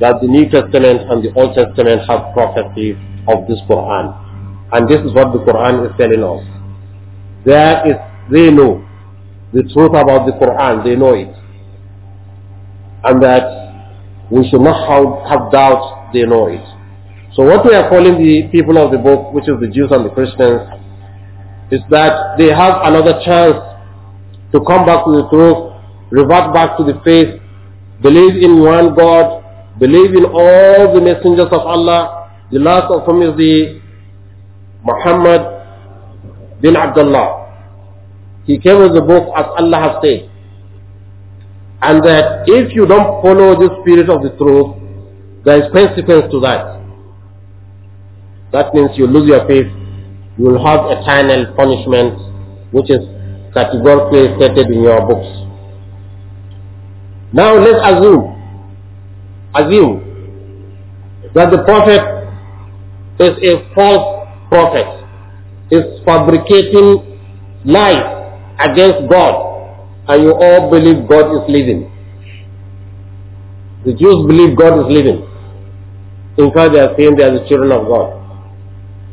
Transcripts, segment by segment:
that the New Testament and the Old Testament have prophecy of this Quran. And this is what the Quran is telling us. There is, they know the truth about the Quran, they know it. And that we should not have, have doubt, they know it. So what we are calling the people of the book, which is the Jews and the Christians, is that they have another chance to come back to the truth, revert back to the faith, believe in one God, Believe in all the messengers of Allah. The last of whom is the Muhammad bin Abdullah. He came with the book as Allah has said. And that if you don't follow the spirit of the truth, there is consequence to that. That means you lose your faith, you will have eternal punishment, which is categorically stated in your books. Now let's assume assume that the prophet is a false prophet, is fabricating lies against God, and you all believe God is living. The Jews believe God is living. In fact, they are saying they are the children of God.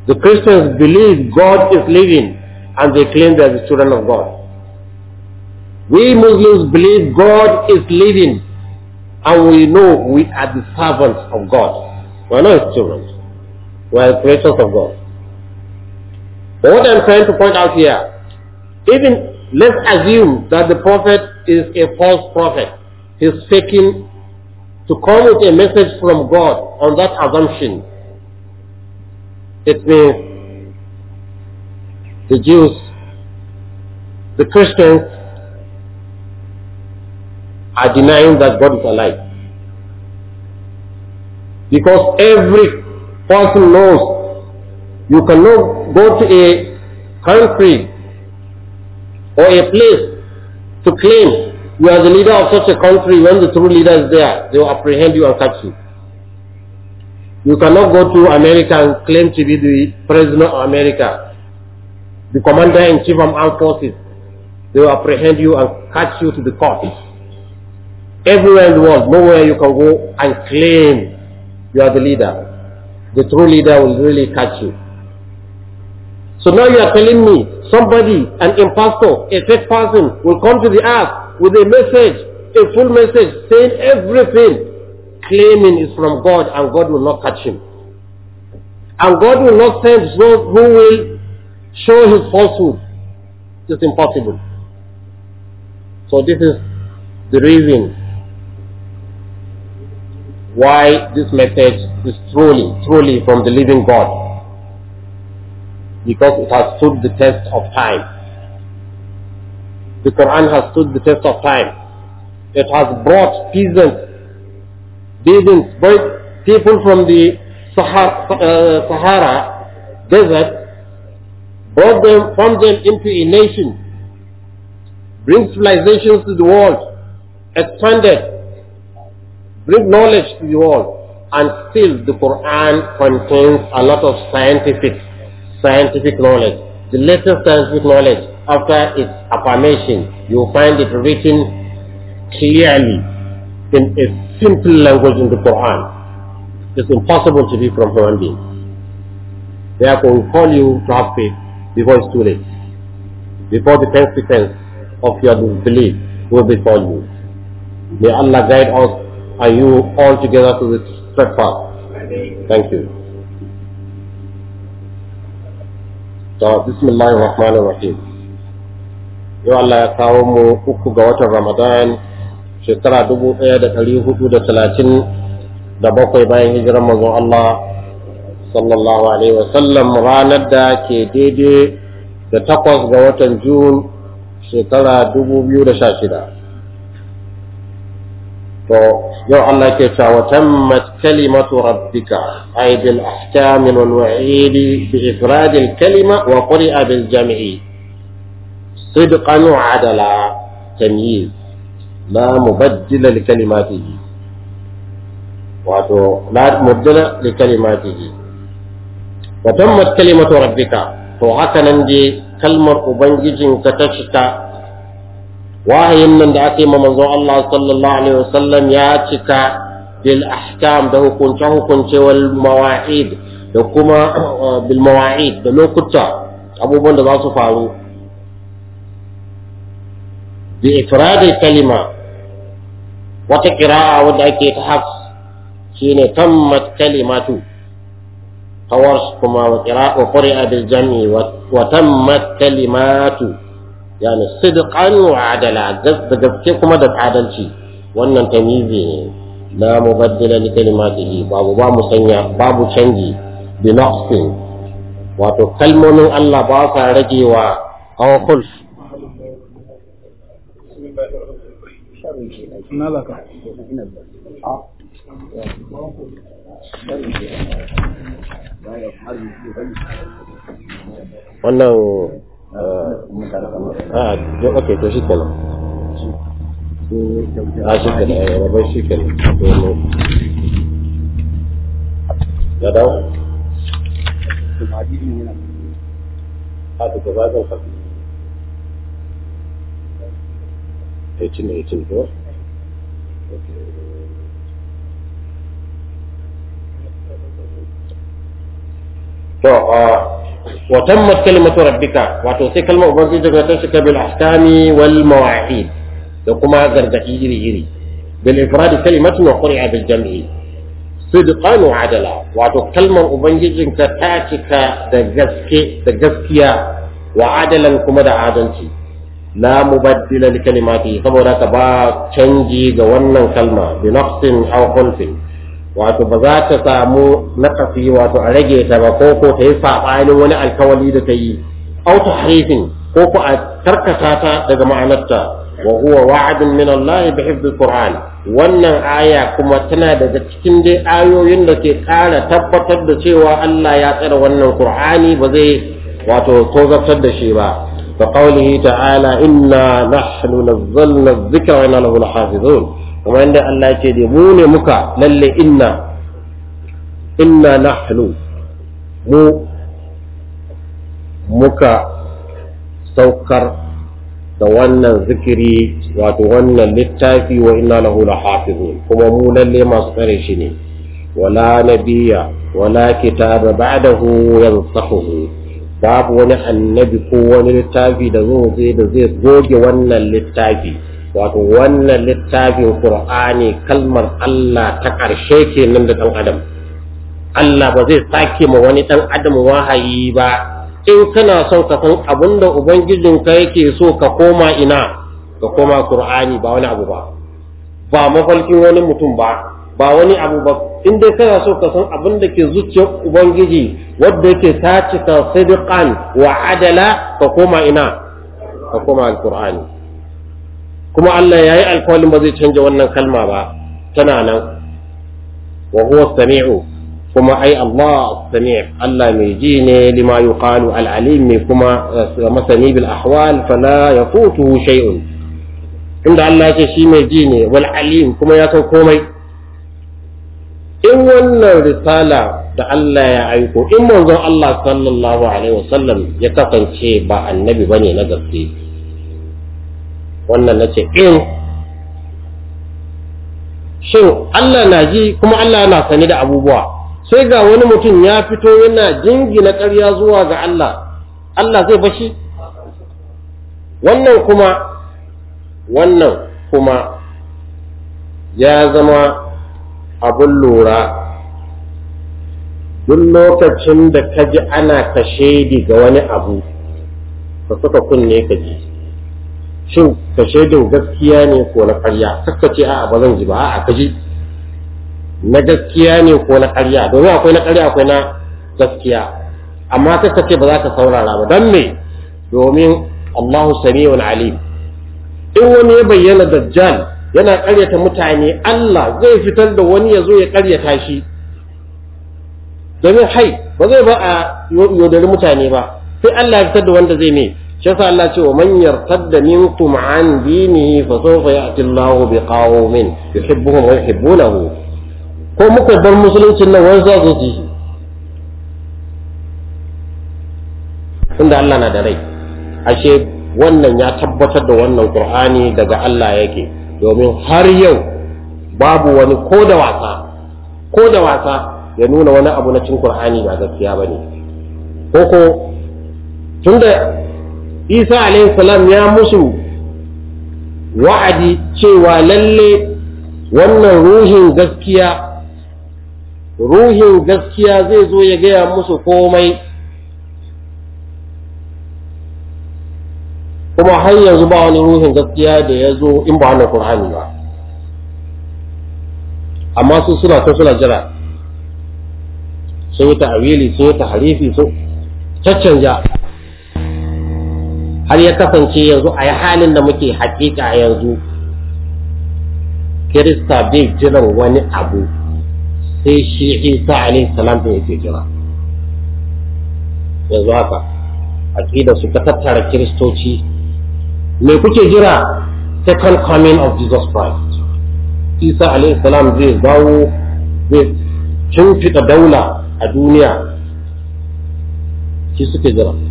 The Christians believe God is living, and they claim they are the children of God. We Muslims believe God is living, and we know we are the servants of God. We are not his children. We are the creatures of God. But what I'm trying to point out here, even let's assume that the prophet is a false prophet. He's faking to come with a message from God on that assumption. It means the Jews, the Christians, are denying that God is alive. Because every person knows you cannot go to a country or a place to claim you are the leader of such a country when the true leader is there. They will apprehend you and catch you. You cannot go to America and claim to be the president of America, the commander-in-chief of armed forces. They will apprehend you and catch you to the court everywhere in the world, nowhere you can go and claim you are the leader. The true leader will really catch you. So now you are telling me somebody, an impostor, a fake person will come to the earth with a message, a full message saying everything, claiming is from God and God will not catch him. And God will not send those who will show his falsehood. It's impossible. So this is the reason why this message is truly, truly from the living God. Because it has stood the test of time. The Quran has stood the test of time. It has brought peasants, peasants, both people from the Sahara, uh, Sahara desert, brought them, formed them into a nation, bring civilizations to the world, expanded bring knowledge to you all. And still the Quran contains a lot of scientific, scientific knowledge. The latest scientific knowledge, after its affirmation, you find it written clearly in a simple language in the Quran. It's impossible to be from human beings. Therefore, we call you to have faith before it's too late. Before the consequence of your disbelief will befall you. May Allah guide us Are you all together to the straight path? Thank you. So, bismillahir rahmanir rahim. Yau Allah ya kawo mu uku ga watan Ramadan shekara dubu ɗaya da ɗari hudu da talatin da bakwai bayan hijiran manzon Allah sallallahu alaihi wasallam ranar da ke daidai da takwas ga watan Jun shekara dubu biyu da sha shida. to yau Allah ke cewa wa tammat kalimatu rabbika ay bil ahkam wal wa'id bi ifrad al kalima wa quri'a bil jam'i sidqan wa adala tamyiz la mubaddila li kalimatihi wato la mubaddila li kalimatihi wa tammat kalimatu rabbika to haka nan je kalmar ubangijinka ta cika wahayin nan da aka yi ma manzon Allah sallallahu alaihi wasallam ya cika bil ahkam da hukunce hukunce wal mawa'id da kuma bil mawa'id da lokuta abubuwan da za su faru bi ifradi kalima wata kira'a wadda ake ta hafs shine tammat kalimatu kawar kuma wa qira'a bil jam'i wa tammat kalimatu yani sidqan wa adala da gaske kuma da adalci wannan tamizi ne la mubaddila li kalimatihi babu ba mu sanya babu canji bi naqsin wato kalmomin Allah ba sa ragewa aw wannan Ah, oke, itu sih kalau. Asyik kan, ayo, apa sih kan? Dulu. Ya tahu? Ada coba atau apa? Ecin, ecin tu. to wa tammat kalimatu rabbika wato sai kalmar ubangiji daga ta shika bil ahkami wal mawa'id da kuma gargadi iri iri bil ifrad kalimatu wa qur'a bil jam'i sidqan wa adala wato kalmar ubangijinka ta cika da gaske da gaskiya wa adalan kuma da adalci la mubaddila li kalimati saboda ka ba canji ga wannan kalma bi naqsin aw khulfin wato ba za ta samu naqasi wato a rage ta ba ko ko ta yi sabanin wani alkawali da ta yi aw harifin ko ko a karkata ta daga ma'anarta wa huwa wa'dun min Allah bi hifdhil Qur'an wannan aya kuma tana daga cikin dai ayoyin da ke ƙara tabbatar da cewa Allah ya tsara wannan Qur'ani ba zai wato tozartar da shi ba fa qawlihi ta'ala inna nahnu nazzalna dhikra wa inna lahu lahafizun kuma yadda Allah ce da mu ne muka lalle inna inna nahnu mu muka saukar da wannan zikiri wato wannan littafi wa inna lahu lahafizun kuma mu lalle masu tsare shi ne wala nabiya wala kitaba ba'dahu yansahuhu babu wani annabi ko wani littafi da zai da zai goge wannan littafi wato wannan littafin qur'ani kalmar Allah ta ƙarshe ke nan da ɗan adam Allah ba zai sake ma wani ɗan adam wahayi ba in kana son ka san abin da ubangijinka yake so ka koma ina ka koma qur'ani ba wani abu ba ba mafalkin wani mutum ba ba wani abu ba in dai kana so ka san abin da ke zuciyar ubangiji wanda yake ta cika sidqan wa adala ka koma ina ka koma Alƙur'ani. kuma Allah ya yi alkawalin ba zai canja wannan kalma ba tana nan wa huwa sami'u kuma ai Allah sami' Allah mai ji ne lima yuqalu al-alim ne kuma eh, masani bil ahwal fala yafutuhu shay'un inda Allah ce shi mai ji ne wal alim kuma ya san komai in wannan risala da Allah ya aiko in manzon Allah sallallahu alaihi wasallam ya kasance ba annabi bane na gaske wannan na ce in eh. shin Allah na ji kuma Allah yana sani da abubuwa sai ga wani mutum ya fito yana jingina ƙarya zuwa ga Allah Allah zai bashi wannan kuma wannan kuma ya zama abun lura duk lokacin da ka ji ana kashe ga wani abu ka suka kunne ka ji shin ka shaidu gaskiya ne ko na ƙarya kakka ce a'a ba zan ji ba a'a kaji. na gaskiya ne ko na ƙarya domin akwai na ƙarya akwai na gaskiya amma kakka ce ba za ka saurara ba don me domin Allahu sami'un alim in wani ya bayyana dajjal yana ƙaryata mutane Allah zai fitar da wani ya zo ya ƙaryata shi domin hai ba zai ba a yaudari mutane ba sai Allah ya fitar da wanda zai ne shi yasa Allah ce wa manyan yartadda minkum an dinihi fa sawfa ya'ti Allahu bi qaumin yuhibbuhum ko muka bar musuluncin nan wani za su tunda Allah na da rai ashe wannan ya tabbatar da wannan Kur'ani daga Allah yake domin har yau babu wani ko da wasa ya nuna wani abu na cin Kur'ani ba gaskiya bane ko isa alaihi salam ya musu wa'adi cewa lalle wannan ruhin gaskiya ruhin gaskiya zai zo ya gaya musu komai kuma har yanzu ba wani ruhin gaskiya da ya zo in ba wannan Qur'ani ba amma su suna ta suna jira sun yi ta'awili sun yi harifi, sun caccanja har ya kasance yanzu a yi halin da muke hakika yanzu kirista bai jiran wani abu sai shi isa alaihi salam da yake jira yanzu haka aqida su ta tattara kiristoci me kuke jira second coming of jesus christ isa alaihi salam zai dawo zai shimfiɗa daula a duniya shi suke jira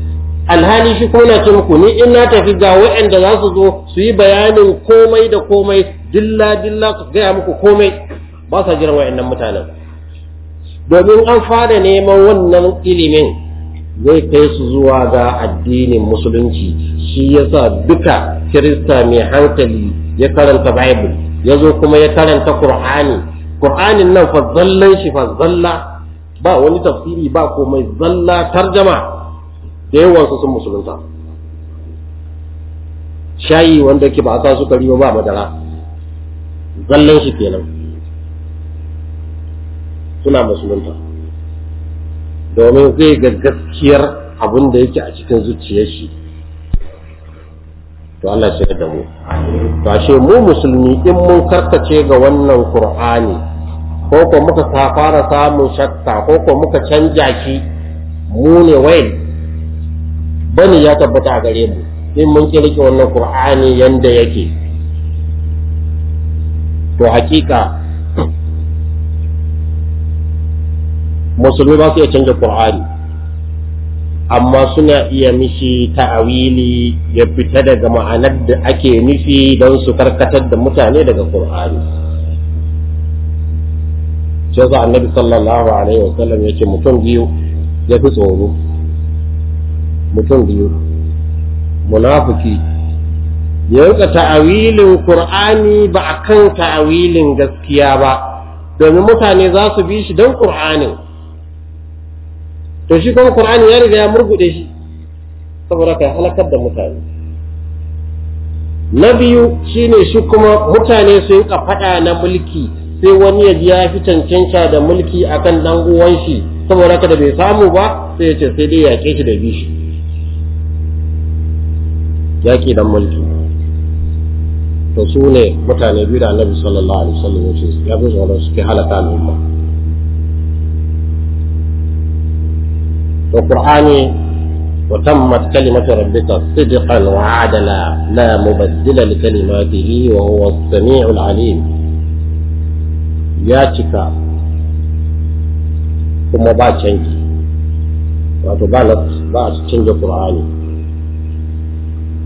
alhali shi kuma na ce muku ni in na tafi ga waɗanda za su zo su yi bayanin komai da komai dilla dilla su gaya muku komai ba sa jiran waɗannan mutanen domin an fara neman wannan ilimin zai kai su zuwa ga addinin musulunci shi yasa duka kirista mai hankali ya karanta bible ya zo kuma ya karanta qur'ani qur'anin nan fa zallan shi fa zalla ba wani tafsiri ba komai zalla tarjama da yawansu sun musulunta shayi wanda ke ba a kasu sukari ba madara zallan shi kenan suna musulunta domin zai ga gaskiyar abin da yake a cikin zuciyar shi to Allah shi da mu to ashe mu musulmi in mun karkace ga wannan kur'ani ko ko muka fara samun shakka ko ko muka canja shi mu ne wai. bani ya tabbata a gare mu in mun kirki wannan qur'ani yanda yake to hakika musulmi ba su iya canja qur'ani amma suna iya mishi ta'awili ya fita daga ma'anar da ake nufi don su karkatar da mutane daga qur'ani sai annabi sallallahu alaihi wasallam ce mutum biyu ya fi tsoro mutum biyu munafiki ya rika ta'awilin qur'ani ba akan ta'awilin gaskiya ba domin mutane za su bi shi don qur'anin to shi kuma qur'ani ya riga ya murgude shi saboda kai halakar da mutane na biyu shine shi kuma mutane su yi faɗa na mulki sai wani ya ji ya fi cancanta da mulki akan dan uwan shi saboda kada bai samu ba sai ya ce sai dai yaƙe shi da bishi yaƙi dan mulki to su ne mutane biyu da annabi sallallahu alaihi wasallam yace ya bi tsoron suke halaka al'umma to qur'ani wa wa tammat kalimatu rabbika sidqan adala la mubaddila li kalimatihi wa huwa as-sami'u al-alim ya cika kuma ba canji wato ba canji qur'ani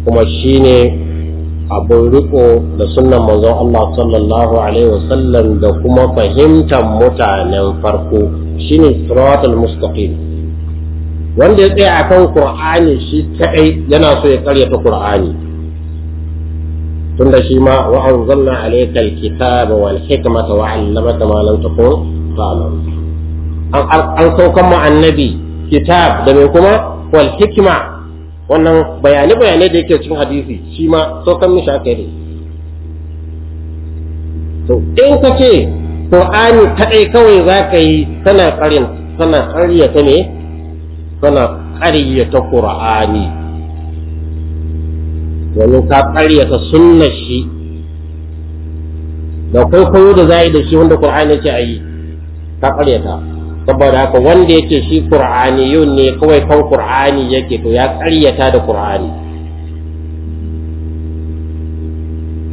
kuma shi ne abun riko da sunan manzon Allah sallallahu alaihi wasallam da kuma fahimtar mutanen farko shine siratul mustaqim wanda ya tsaya akan qur'ani shi kai yana so ya karyata qur'ani tunda shi ma wa anzalna alayka alkitaba wal hikmata wa 'allamaka ma lam takun ta'lam an saukan ma annabi kitab da mai kuma wal hikma wannan bayane bayane da yake cikin hadisi shi ma so kan mishi aka yi to in ka ce qur'ani kadai kawai za ka yi kana karin kana karyata ne kana ta qur'ani domin ka ta sunnar shi da kwaikwayo da za yi da shi wanda qur'ani ce a yi ka ta. saboda haka wanda yake shi qur'aniyun ne kawai kan qur'ani yake to ya ƙaryata da qur'ani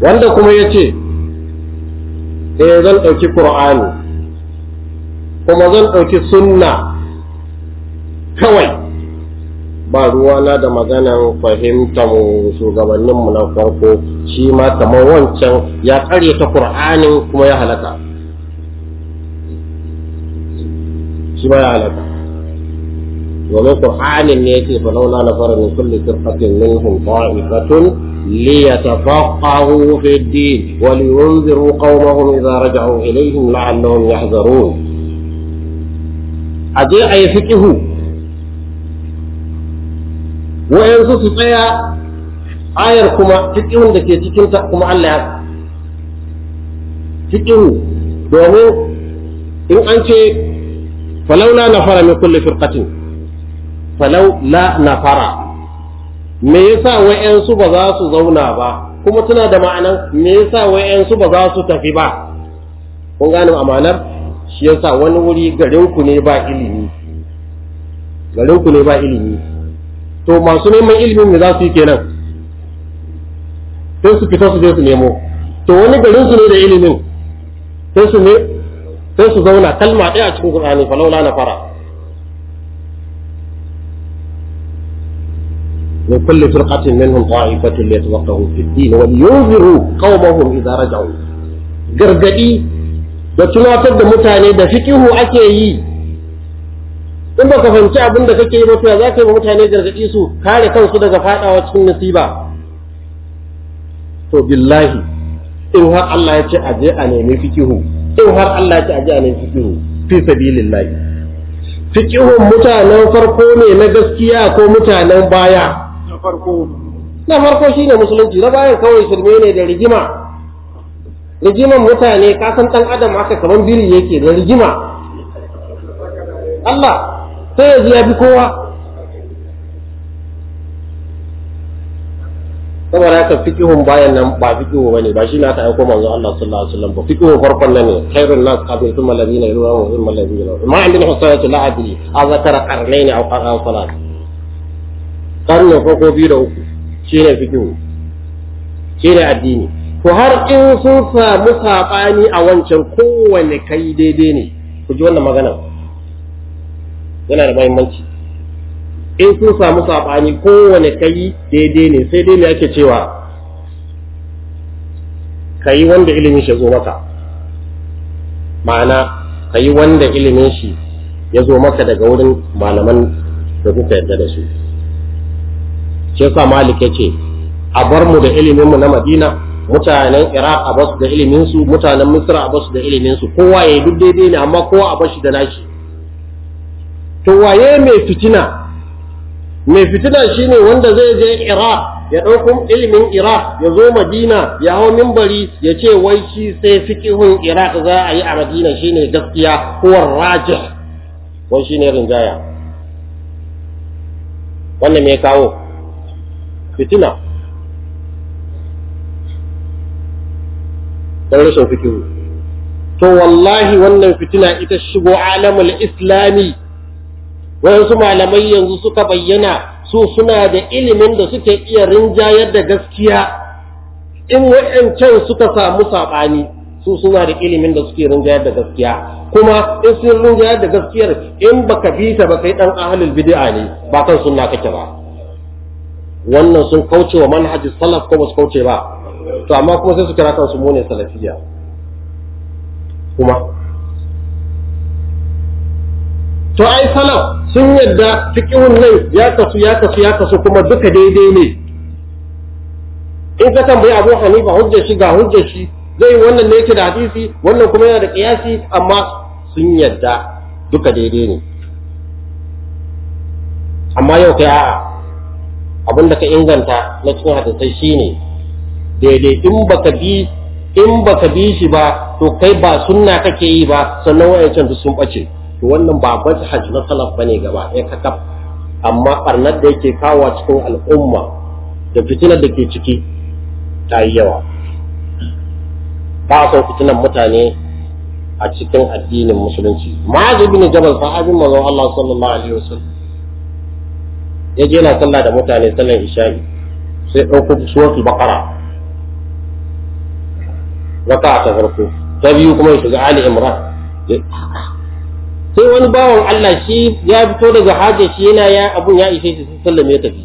wanda kuma yace eh zan ɗauki qur'ani kuma zan ɗauki sunna kawai ba ruwa na da maganan fahimtar shugabanninmu na farko shi ma kamar wancan ya ƙaryata kur'anin kuma ya halaka shi ma ya halaka domin qur'anin ne yake fa laula la fara min kulli firqatin minhum ta'ifatun li yatafaqahu fi ad-din wa li yunziru qawmahum idha raja'u ilayhim la'allahum yahzarun aje fiqihu wa yanzu su tsaya ayar kuma fiqihun da ke cikin ta kuma Allah ya fiqihu domin in an ce falau لا نفر min كل فرقة falau لا نفر me yasa wayansu ba za su zauna ba kuma tana da ma'ana me yasa wayansu ba za su tafi ba kun gane amanar shi yasa wani wuri garin ku ne ba ilimi garin ku ne ba ilimi to masu neman ilimin me za su yi kenan sai su fita su je su nemo to wani garin su ne da ilimin sai su ne sai su zauna kalma ɗaya a cikin qur'ani falaula na fara min kulli firqatin minhum qa'ifatun liyatafaqahu fi din wa yunziru qaumahum idza raja'u gargadi da tunatar da mutane da fiqihu ake yi in baka fahimci abin da kake yi ba to za ka yi mutane gargadi su kare kansu daga fadawa cikin nasiba to billahi in har Allah ya ce a je a nemi fikihu in har Allah ta ji anan fi sabilillah mutanen farko ne na gaskiya ko mutanen baya na farko na farko shine musulunci na baya kawai shirme ne da rigima rigiman mutane ka san dan adam haka kaman biri yake da rigima Allah sai ya ji ya bi kowa saboda haka fiqhun bayan nan ba fiqhu bane ba shi na ta aiko manzo Allah sallallahu alaihi wasallam ba fiqhu farkon nan ne khairun nas qabl thumma alladhina yuruna wa thumma alladhina ma indil husayatu la adri azkara qarnayn aw qara salat qarnu ko ko biyu da uku shine fiqhu shine addini ko har in sun samu sabani a wancan kowanne kai daidai ne ku ji wannan magana yana da muhimmanci in sun samu saɓani kowane kai daidai ne sai dai ne ake cewa ka yi wanda ilimin shi zo maka ma'ana ka yi wanda ilimin shi ya maka daga wurin malaman da kuka yarda da su shi sa malik ya ce a bar mu da ilimin mu na madina mutanen iraq a basu da iliminsu, mutanen misra a basu da ilimin su kowa ya duk daidai ne amma kowa a bashi da nashi to waye mai fitina mai fitina shine wanda zai je iraq ya ɗauko ilimin iraq ya zo madina ya hau mimbari ya ce wai shi sai fikihun iraq za a yi a madina shine gaskiya huwar rajih wai shine rinjaya wannan me kawo fitina don rashin fikihu to wallahi wannan fitina ita shigo alamul islami wayansu malamai yanzu suka bayyana su suna da ilimin da suke iya rinjayar da gaskiya in wa'ancan suka samu saɓani su suna da ilimin da suke rinjayar da gaskiya kuma in sun rinjayar da gaskiyar in baka bi ta ba kai dan ahlul bid'a ne ba kan sunna kake ba wannan sun kauce wa manhajin salaf ko ba su kauce ba to amma kuma sai su kira kansu mu ne salafiya kuma to ai salaf sun yadda fiqhun nan ya kasu ya kasu ya kasu kuma duka daidai ne in ka tambayi Abu Hanifa hujja shi ga hujja shi zai wannan ne yake da hadisi wannan kuma yana da qiyasi amma sun yadda duka daidai ne amma yau kai a'a abin da ka inganta na cikin hadisai shine daidai in baka bi in baka bi shi ba to kai ba sunna kake yi ba sannan wayancan duk sun bace to wannan ba manhaj na salaf bane gaba ɗaya kakaf amma ɓarnar da yake kawo cikin al'umma da fitinar da ke ciki ta yi yawa ba a son fitinar mutane a cikin addinin musulunci ma'az ibn jabal sahabin manzon Allah sallallahu alaihi wasallam ya je na sallah da mutane sallar isha'i sai ɗauko suratul baqara raka'a ta farko ta biyu kuma ya shiga ali imran sai wani bawan Allah shi ya fito daga hajji shi yana ya abun ya ishe shi sun sallame ya tafi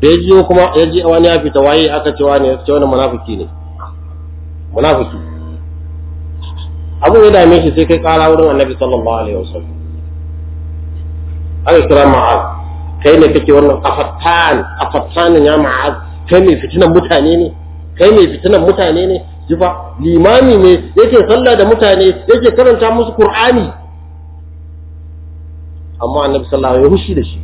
da ya jiyo kuma ya ji wani ya fita waye aka ce wani ya ce wani munafiki ne munafiki abun ya dame shi sai kai kara wurin annabi sallallahu alaihi wasallam aka kira ma'az kai ne kake wannan afatan afatan ya ma'az kai ne fitinan mutane ne kai ne fitinan mutane ne jifa limami ne yake sallah da mutane yake karanta musu qur'ani amma annabi sallallahu alaihi wasallam ya da shi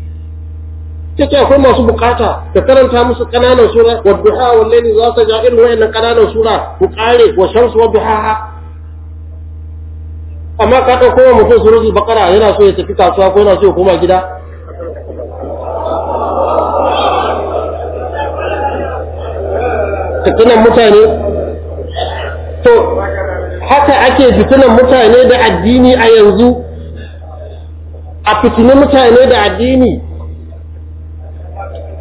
kace akwai masu bukata ka karanta musu kananan sura wa duha wa laili za ta ja irin wayannan kananan sura ku kare wa shamsu wa duha amma ka ɗauko wa mutum surutu bakara yana so ya tafi kasuwa ko yana so ya koma gida tattunan mutane to haka ake fitinan mutane da addini a yanzu a fitini mutane da addini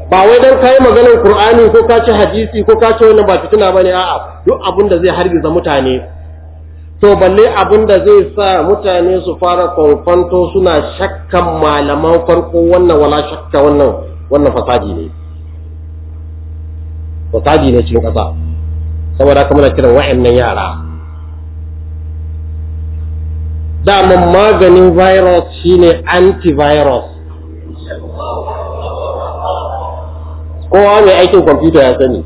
ba wai don kayi maganin Kur'ani ko ka ci hadisi ko ka ci wannan ba fitina ba ne a'a duk abin da zai hargiza mutane to balle abin da zai sa mutane su fara kwamfanto suna shakkan malaman farko wannan wala shakka wannan wannan fasadi ne fasadi ne cikin ƙasa saboda haka muna kiran wa'annan yara daman maganin virus shine antivirus kowa mai aikin kwamfuta ya sani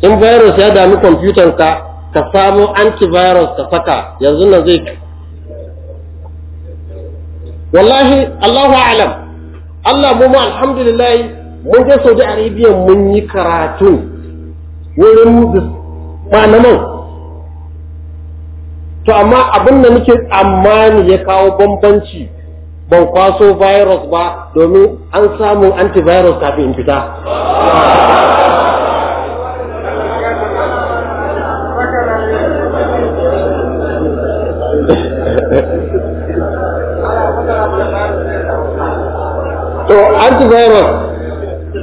in virus ya dami kwamfutan ka ka samu antivirus ka saka yanzu nan zai wallahi Allahu alam Allah mu alhamdulillah mun je Saudi Arabia mun yi karatu wurin kwanannan to amma abin da muke tsammani ya kawo bambanci ban kwaso virus ba domin an samu antivirus kafin in fita to antivirus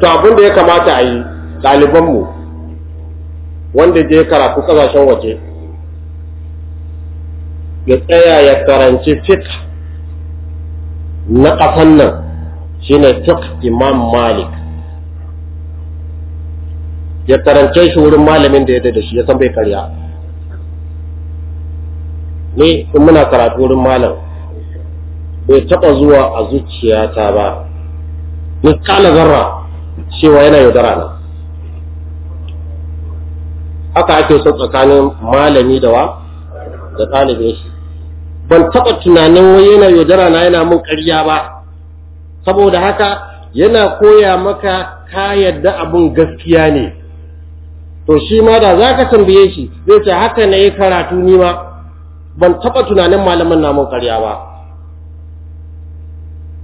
to abin da ya kamata a yi ɗalibanmu wanda je karatu kasashen waje ya tsaya ya karanci fik na ƙasan nan ne fiqh imam malik ya karance shi wurin malamin da ya da shi ya san bai karya ni in muna karatu wurin malam bai taɓa zuwa a zuciyata ba ni kala zarra cewa yana yaudara na haka ake son tsakanin malami da wa da ɗalibin shi ban taɓa tunanin wai yana yaudara na yana mun ƙarya ba saboda haka yana koya maka ka yadda abun gaskiya ne to shi ma da za ka tambaye shi zai ce haka na yi karatu ni ma ban taɓa tunanin malamin na mun karya ba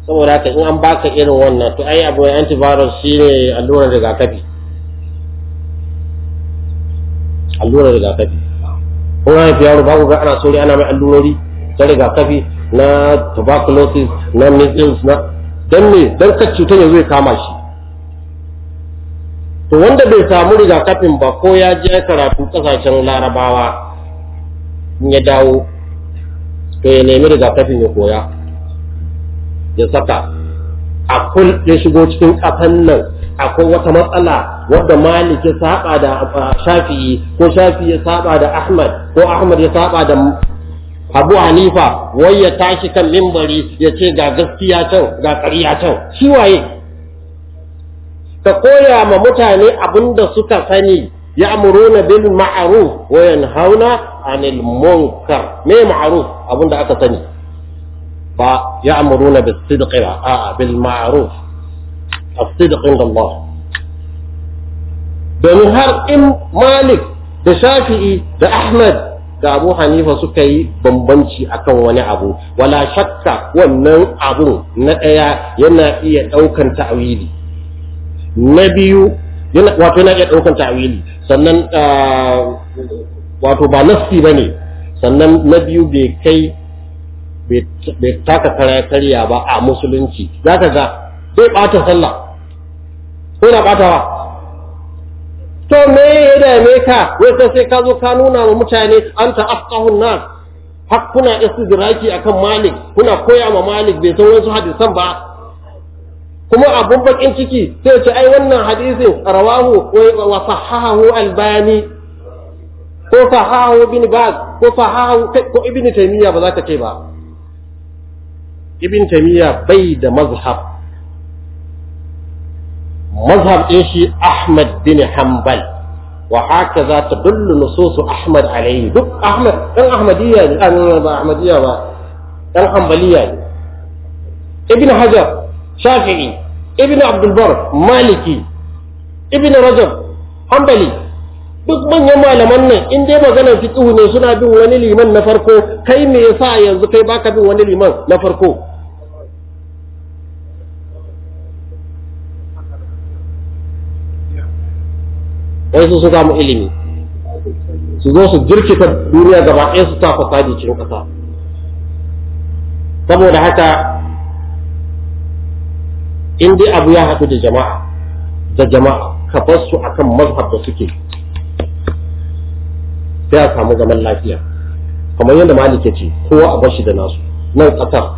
saboda haka in an baka irin wannan to ai abu antivirus shine allurar rigakafi allurar rigakafi ko ya fi yaro babu ga ana sori ana mai allurori ta rigakafi na tuberculosis na measles na dan me dan ka cutar ya zo kama shi to wanda bai samu rigakafin ba ko ya je karatu kasashen larabawa in ya dawo to ya nemi rigakafin ya koya ya saka a kul ya shigo cikin kafan nan akwai wata matsala wadda Malik ya saba da Shafi'i ko Shafi'i ya saba da Ahmad ko Ahmad ya saba da Abu Hanifa wai ya tashi kan mimbari ya ce ga gaskiya can ga ƙarya can shi waye ka koya ma mutane abin da suka sani ya na bil ma'aruf wa yanhauna 'anil munkar me ma'aruf abin da aka sani ba ya na bis sidqi a'a bil ma'aruf. as-sidq inda Allah domin har in Malik da Shafi'i da Ahmad da Abu Hanifa suka yi bambanci akan wani abu wala shakka wannan abu na ɗaya yana iya ɗaukan ta'wili na biyu wato yana iya ɗaukan ta'wili sannan ah, wato ba nassi ne, sannan na biyu bai kai bai taka karya ba a musulunci zaka ga zai ɓata sallah ko na batawa to me ya dame ka wai sai sai ka zo ka nuna wa mutane an ta'aqqahun nas har kuna istidraki akan malik kuna koya ma malik bai san wasu hadisan ba kuma abun bakin ciki sai ce ai wannan hadisin rawahu wa sahahu albani ko sahahu bin baz ko sahahu ko ibn taymiya ba za ka ce ba ibn taymiya bai da mazhab mazhab ɗin shi Ahmad bin Hanbal wa haka za ta dullu nususu Ahmad alaihi duk Ahmad ɗan Ahmadiyya ne ɗan ba Ahmadiyya ba ɗan Hanbaliya ne Ibn Hajar Shafi'i Ibn Abdul Maliki Ibn Rajab Hanbali duk manyan malaman nan in dai magana fiqh ne suna bin wani liman na farko kai me yasa yanzu kai baka bin wani liman na farko wai su samu ilimi su zo su jirkita duniya gaba ɗaya su ta fasadi cikin ƙasa saboda haka in dai abu ya haɗu da jama'a da jama'a ka bar su akan mazhab da suke sai a samu zaman lafiya kamar yadda malik ya ce kowa a bar da nasu nan ƙasar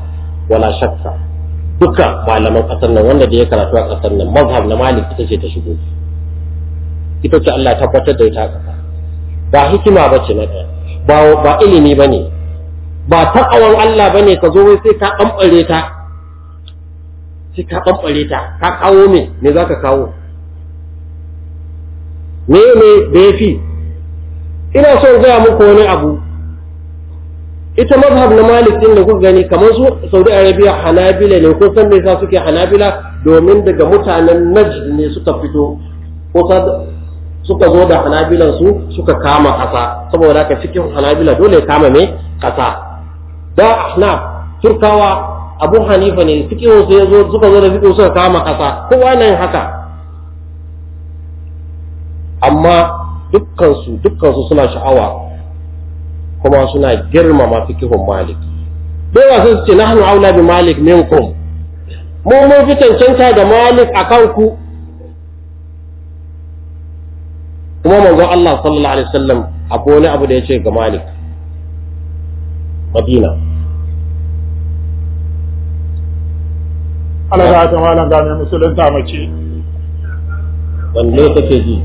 wala shakka duka malaman ƙasar nan wanda da ya karatu a ƙasar nan mazhab na malik ita ce ta shigo ita ce Allah tabbatar da ita kasa ba hikima ba ce na ɗaya ba ilimi ba ne ba ta'awan Allah ba ne ka zo wai sai ka ɓamɓare ta sai ka ɓamɓare ta ka kawo me me za ka kawo me ne da ya fi ina son gaya muku wani abu ita mazhab na malik din da kuka gani kamar su saudi arabia hanabila ne kun san me yasa suke hanabila domin daga mutanen najd ne suka fito ko suka zo da hanabilan su suka kama ƙasa saboda haka cikin hanabila dole kama me ƙasa da ahnaf turkawa abu hanifa ne fiƙin su ya zo suka zo da fiƙin suka kama ƙasa kowa nan haka amma dukkan su suna sha'awa kuma suna girmama fikihun malik dole sun ce nahnu aula bi malik minkum mu mun fi cancanta da malik akan ku kuma manzo Allah sallallahu alaihi wasallam akwai wani abu da ya ce ga Malik Madina Allah ta ta malam ga mai musulunta mace wanne take ji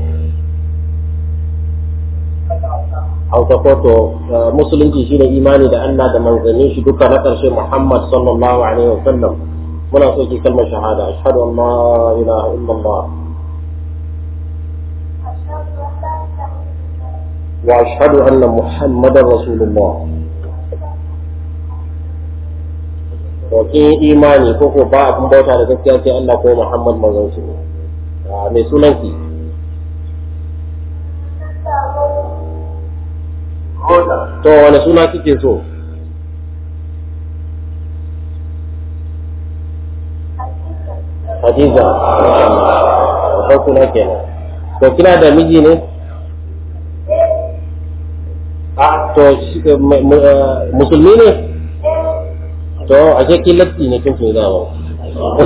hausa koto uh, musulunci ne imani da Allah da manzannin shi duka na ƙarshe Muhammad sallallahu alaihi wasallam muna so ki kalmar shahada ashhadu an la ilaha illallah وأشهد أن محمدا رسول الله wakin imani ko ko ba abin bauta da gaskiya sai Allah ko Muhammad manzon shi ne mai sunan ki to wani suna kike so Hadiza, babban suna kenan. To kina da miji ne? to eh, eh, musulmi ne to a ce kilatti ne kin fi dama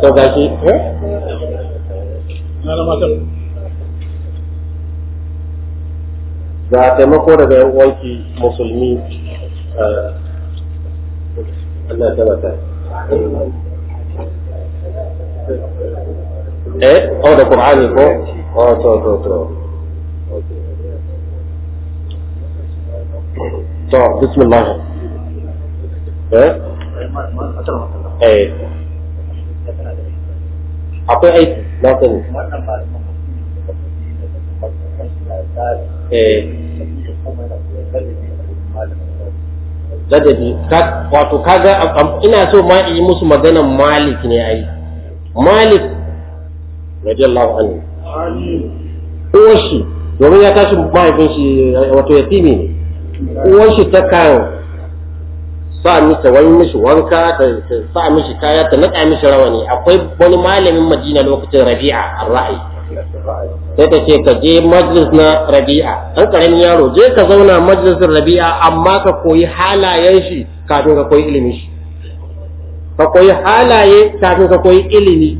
to ga shi eh? ga taimako daga yan uwanki musulmi Allah ta eh au oh, da qur'ani ko oh to to to to bismillah eh eh akwai aiki na sani eh. ladabi wato kaga ina so ma yi musu maganan malik ne ai malik radiyallahu anhu ko shi domin ya tashi mahaifin shi wato yatimi ne uwar shi ta kan sa misa wani mishi wanka ta sa mishi kaya ta naka mishi rawani akwai wani malamin madina lokacin rabi'a ar ra'ayi sai ta ce ka je majlis na rabi'a dan karamin yaro je ka zauna majlisin rabi'a amma ka koyi halayen shi kafin ka koyi ilimin shi ka koyi halaye kafin ka koyi ilimi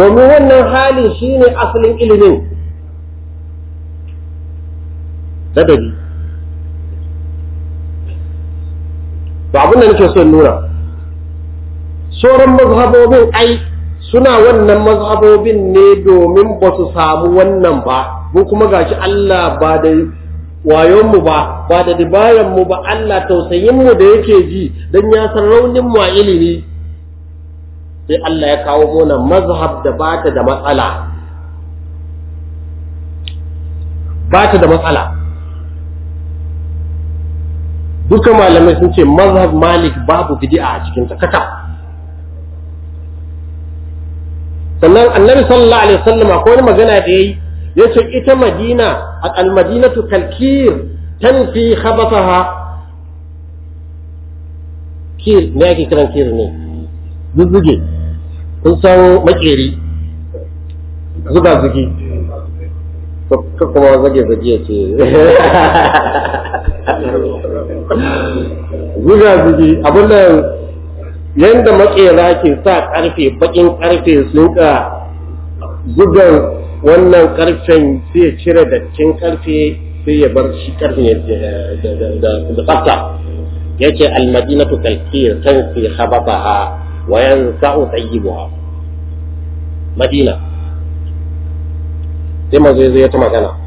domin wannan hali shine asalin ilimin ladabi to abin da nake son nuna sauran mazhabobin ai suna wannan mazhabobin ne domin ba su samu wannan ba mu kuma gashi Allah ba da wayonmu ba ba da dibayan mu ba Allah tausayinmu da yake ji don ya san raunin mu a ilimi sai Allah ya kawo mana mazhab da ba da matsala ba da matsala duka malamai sun ce mazhab malik babu bid'a a cikin ta kaka sannan annabi sallallahu alaihi wasallam akwai wani magana da yayi yace ita madina al madinatu kalkir tan fi khabataha kir ne yake kiran kir ne zuzzuge kun san makeri zuga zugi kuma zage zage ce zuga zugi abin da yadda makera ke sa karfe bakin karfe sun ka zugan wannan karfen sai ya cire dattin karfe sai ya bar shi karfen da tsafta yace almadinatu kalkir tansi khabataha wa yansa'u tayyibuha madina sai mazo ya ta magana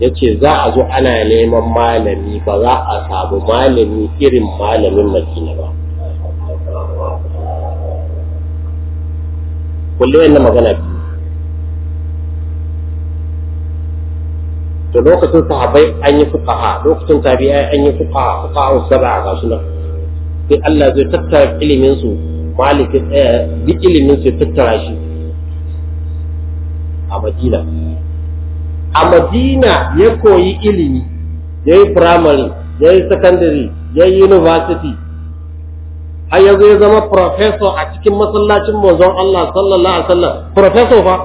ya ce za a zo ana neman malami ba za a samu malami irin malamin madina ba kullum yana magana biyu to lokacin sahabai an yi fuqaha lokacin tabi'ai an yi fuqaha fuqaha sab'a ga na, sai Allah zai tattara ilimin su malik bi duk ilimin su tattara shi a Madina a madina ya koyi ilimi ya yi primary ya yi secondary ya yi university har ya ya zama professor a cikin masallacin manzon Allah sallallahu alaihi wasallam professor fa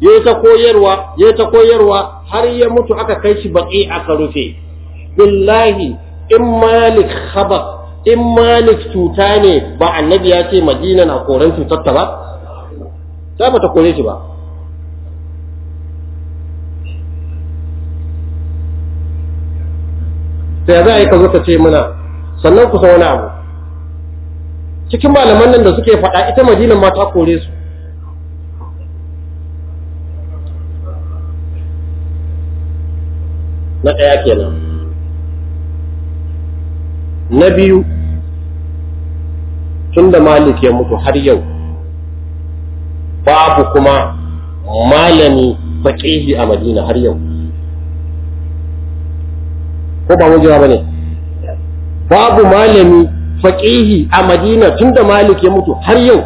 ya ta koyarwa ya ta koyarwa har ya mutu aka kai shi baƙi aka rufe billahi in malik haba, in malik cuta ne ba annabi ya ce madina na koran cutar ta ba ta ba ta kore shi ba sai ya za a yi ka zo ka ce muna sannan ku wani abu cikin malaman nan da suke faɗa ita madinan ma ta kore su na ɗaya kenan na biyu tun da malik ya mutu har yau babu kuma malami faƙihi a madina har yau ko ba mujira bane babu malami faqihi a Madina tunda Malik ya mutu har yau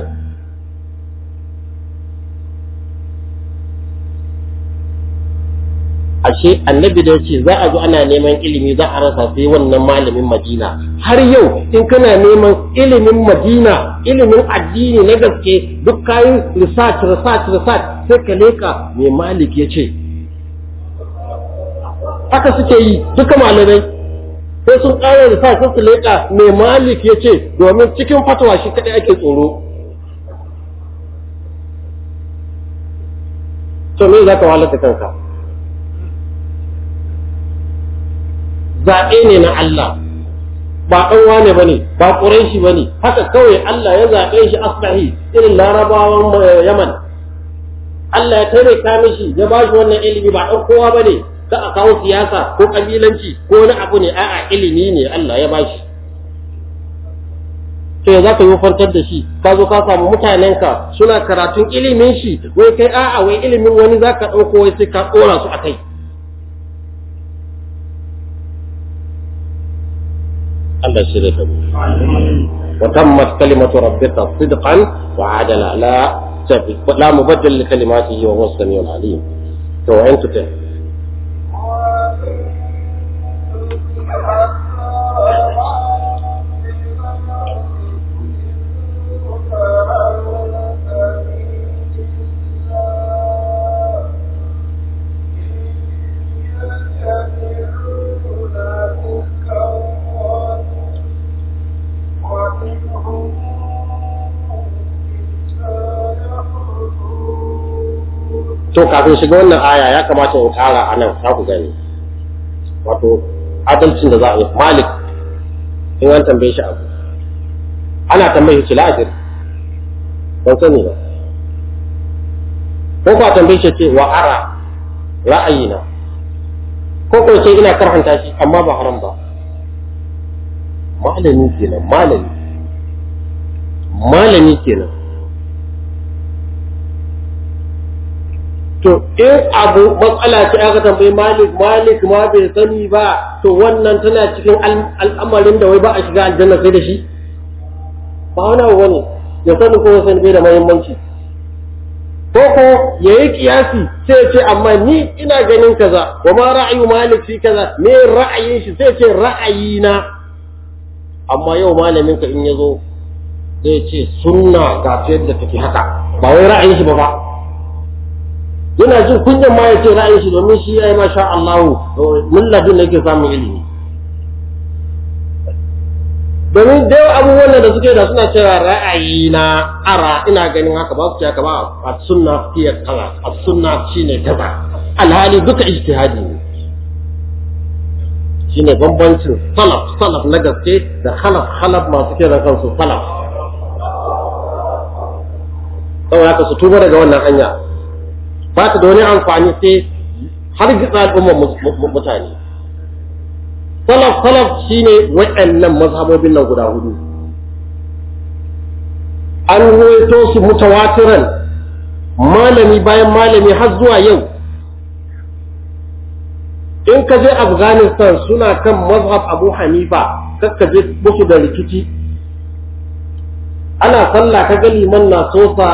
ashe annabi da ce za a zo ana neman ilimi za a rasa sai wannan malamin madina har yau in kana neman ilimin madina ilimin addini na gaske duk kayan research research research sai ka leka mai malik ya ce haka suke yi duka malamai sai sun ƙara da sa sun su mai malik ya ce domin cikin fatawa shi kaɗai ake tsoro to me za ka wahalata kanka zaɓe ne na Allah ba ɗan wane ba ne ba ƙurai shi ba ne haka kawai Allah ya zaɓe shi asbahi irin larabawan eh, yaman Allah ya taimaka mishi ya ba shi wannan ilimi ba ɗan kowa ba ne za a kawo siyasa ko kabilanci ko wani abu ne a'a ilimi ne Allah ya bashi to za ka yi farkar da shi ka zo ka samu mutanenka suna karatun ilimin shi wai kai a'a wai ilimin wani za ka ɗauko wai sai ka ɗora su a kai Allah shi da mu wa tammat kalimatu rabbika sidqan wa adala la la mubaddal li kalimatihi wa huwa as-sami'ul alim to wa to kafin shiga wannan aya ya kamata in kara a nan za ku gani wato adalcin da za a yi malik in an tambaye shi abu ana tambaye shi la'ajir ban sani ba ko kuwa tambaye shi ce wa ara ra'ayina ko ko ce ina karhanta shi amma ba haram ba malami kenan malami malami kenan to in abu matsala ce aka tambayi malik malik ma bai sani ba to wannan tana cikin al'amarin da wai ba a shiga aljanna sai da shi ba wani abu bane ya sani ko sani bai da muhimmanci ko ko yayi kiyasi sai ya ce amma ni ina ganin kaza wa ma ra'ayu malik shi kaza me ra'ayin shi sai ya ce ra'ayi na? amma yau malamin ka in yazo zai ce sunna ga ta yadda take haka ba wai ra'ayin shi ba ba yana jin kunyan ma ya ce ra'ayin shi domin shi ya yi masha Allahu mun ladin da yake samun ilimi domin da yawa abubuwan da suke da suna cewa ra'ayi na ara ina ganin haka ba su ce haka ba a sunna fiye kaza a sunna ne kaza alhali duka ijtihadi ne shine bambancin salaf salaf na gaske da halaf halaf masu kira kansu salaf saboda haka su tuba daga wannan hanya ba ta da wani amfani sai har gitsa al'ummar mutane salaf salaf shine waɗannan mazhabobin nan guda hudu an ruwaito su mutawatiran malami bayan malami har zuwa yau in ka je afghanistan suna kan mazhab abu hanifa kakka je musu da rikici ana sallah ka ga liman na sosa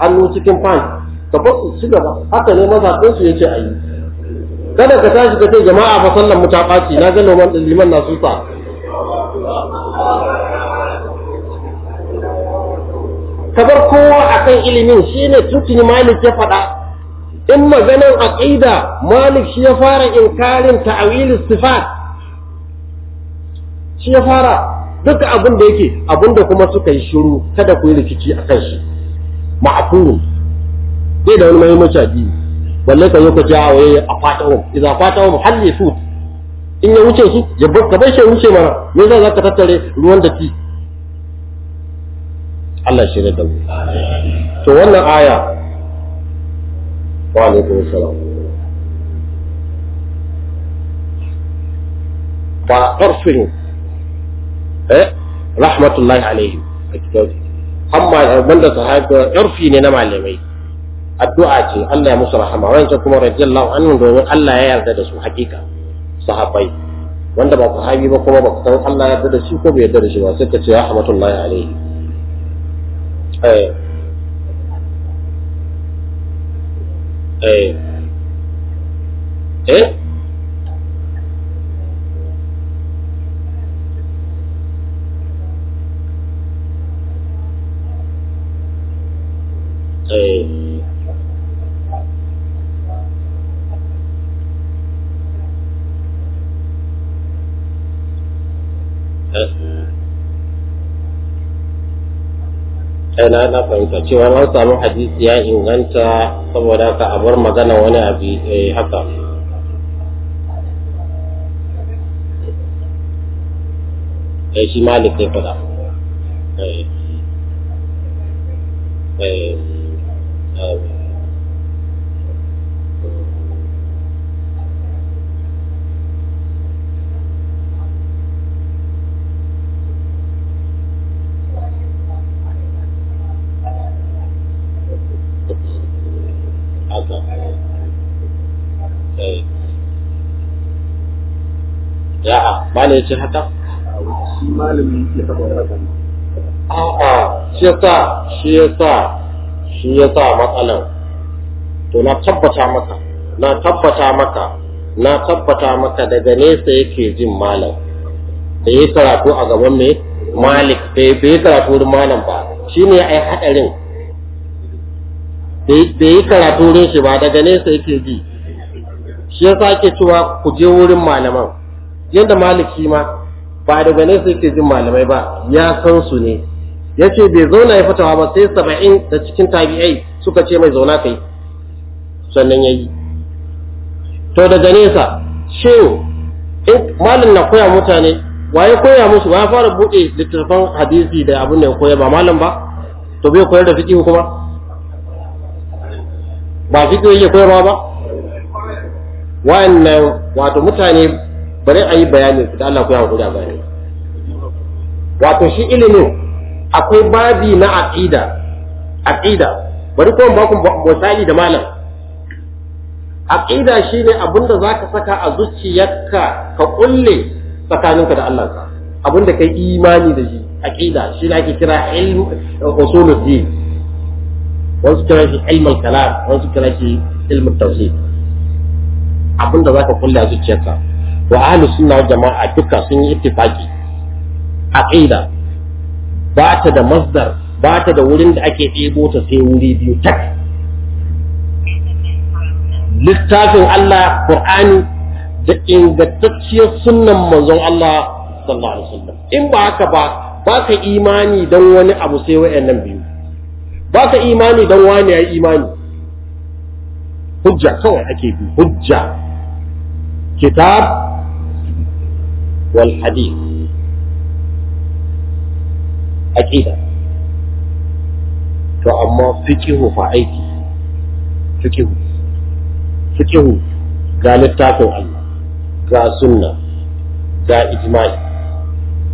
hannu cikin fans ka su ci gaba haka ne mazaɓin su a yi. kada ka tashi ka ce jama'a fa sallan mu ta ɓaci na ga noman ɗin liman na susa ka bar kowa akan ilimin shine tutuni malik ya faɗa in maganin aqida malik shi ya fara inkarin ta'awil Sifat, shi ya fara duk abin da yake abin da kuma suka yi shiru kada ku yi rikici kan shi ma'qul sai da wani mahimmanci addini balle ka zo ka ce a waye a fata wa idan fata wa muhalli su in ya wuce su ya bar ka bar shi wuce mana me zai zaka tattare ruwan da ti Allah shi ne da mu to wannan aya wa alaikum salam ba ƙarfin eh rahmatullahi alaihi amma banda sahaba ƙarfi ne na malamai addu'a ce Allah ya musu rahama wancan kuma radiyallahu anhu domin Allah ya yarda da su hakika sahabbai wanda ba sahabi ba kuma ba ku san Allah ya yarda da shi ko bai yarda da shi ba sai ka ce rahmatullahi alaihi eh eh eh Eh. Eh, na na fahimta cewa an samu hadisi ya inganta saboda ka a bar magana wani abu eh, haka eh shi malik ne fada eh eh, eh malam ya ce haka shi malamin ya taɓa a a'a shi yasa shi yasa shi yasa matsalar to na tabbata maka na tabbata maka na tabbata maka daga nesa yake jin malam da ya karatu a gaban mai malik bai bai karatu wurin malam ba shine ai hadarin bai yi karatu wurin shi ba daga nesa yake ji shi yasa ake cewa ku je wurin malaman yadda maliki ma ba daga nesa yake jin malamai ba ya san su ne ya ce bai zauna ya fatawa ba sai saba'in da cikin tabi'ai suka ce mai zauna kai sannan ya yi to daga nesa shehu in malin na koya mutane wa ya koya musu ba ya fara buɗe littattafan hadisi da abin da ya koya ba malin ba to bai koyar da fiƙihu kuma ba fiƙihu ya koyarwa ba wa'annan wato mutane bari a yi bayanin su da Allah ku yi hankuri a bayani wato shi ilimin akwai babi na aqida aqida bari ko ba ku da malam aqida shine abinda zaka saka a zuciyarka ka kulle tsakaninka da Allah ka abinda kai imani da shi aqida shi ne ake kira ilmu usuluddin wasu kira shi ilmu al-kalam wasu kira shi ilmu tawhid abinda zaka kulle a zuciyarka wa ahlus sunna jama'a duka sun yi ittifaqi aqida ba ta da masdar ba ta da wurin da ake ɗebo ta sai wuri biyu tak littafin Allah Qur'ani da ingantacciyar sunnan manzon Allah sallallahu alaihi wasallam in ba haka ba ba ka imani don wani abu sai wayannan biyu ba ka imani don wani ya imani hujja kawai ake bi hujja kitab والحديث أكيدا فأما فكه فأيدي فكه فكه قال التاكو الله قا سنة قا إجماع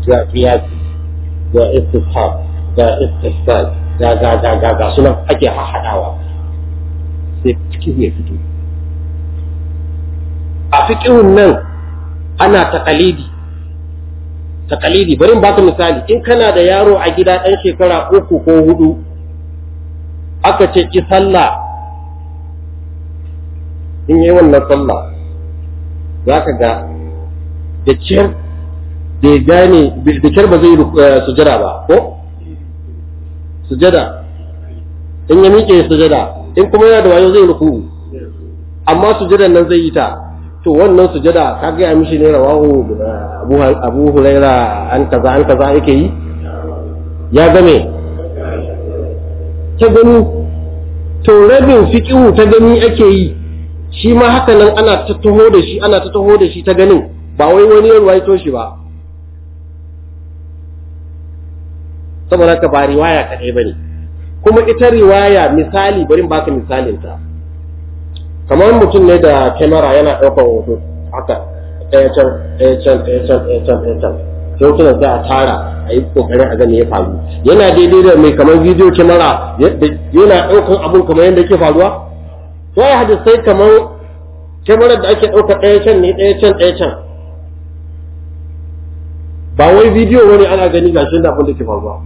قا قياس قا استصحاب قا استحسان قا قا قا قا قا سنة أكيها حداوة فكه يفكه أفكه النو أنا تقليدي taqalidi bari in baka misali in kana da yaro a gida ɗan shekara uku ko hudu aka ce ki sallah in yi wannan sallah za ka ga da ciyar bai gane da ciyar ba zai eh, sujada ba ko sujada in ya miƙe sujada in kuma yana da wayo zai ruku amma sujadan nan zai yi ta to wannan sujada ka gaya mishi ne rawahu abu huraira an kaza an kaza yake yi ya game ta gani to rabin fiƙihu ta gani ake yi shi ma haka nan ana ta taho da shi ana ta taho da shi ta ganin ba wai wani ya ruwaito shi ba saboda ka ba riwaya kaɗai ba ne kuma ita riwaya misali bari baka misalin ta kamar mutum ne da kyamara yana ɗaukar hoto haka ɗaya can ɗaya can ɗaya can ɗaya can ɗaya can hotunan za a tara a yi ƙoƙarin a gani ya faru yana daidai da mai kamar video kyamara yana ɗaukar abun kamar yadda ke faruwa to ya sai kamar kyamarar da ake ɗaukar ɗaya can ne ɗaya can ɗaya can ba wai video wani ana gani gashi da abin da ke faruwa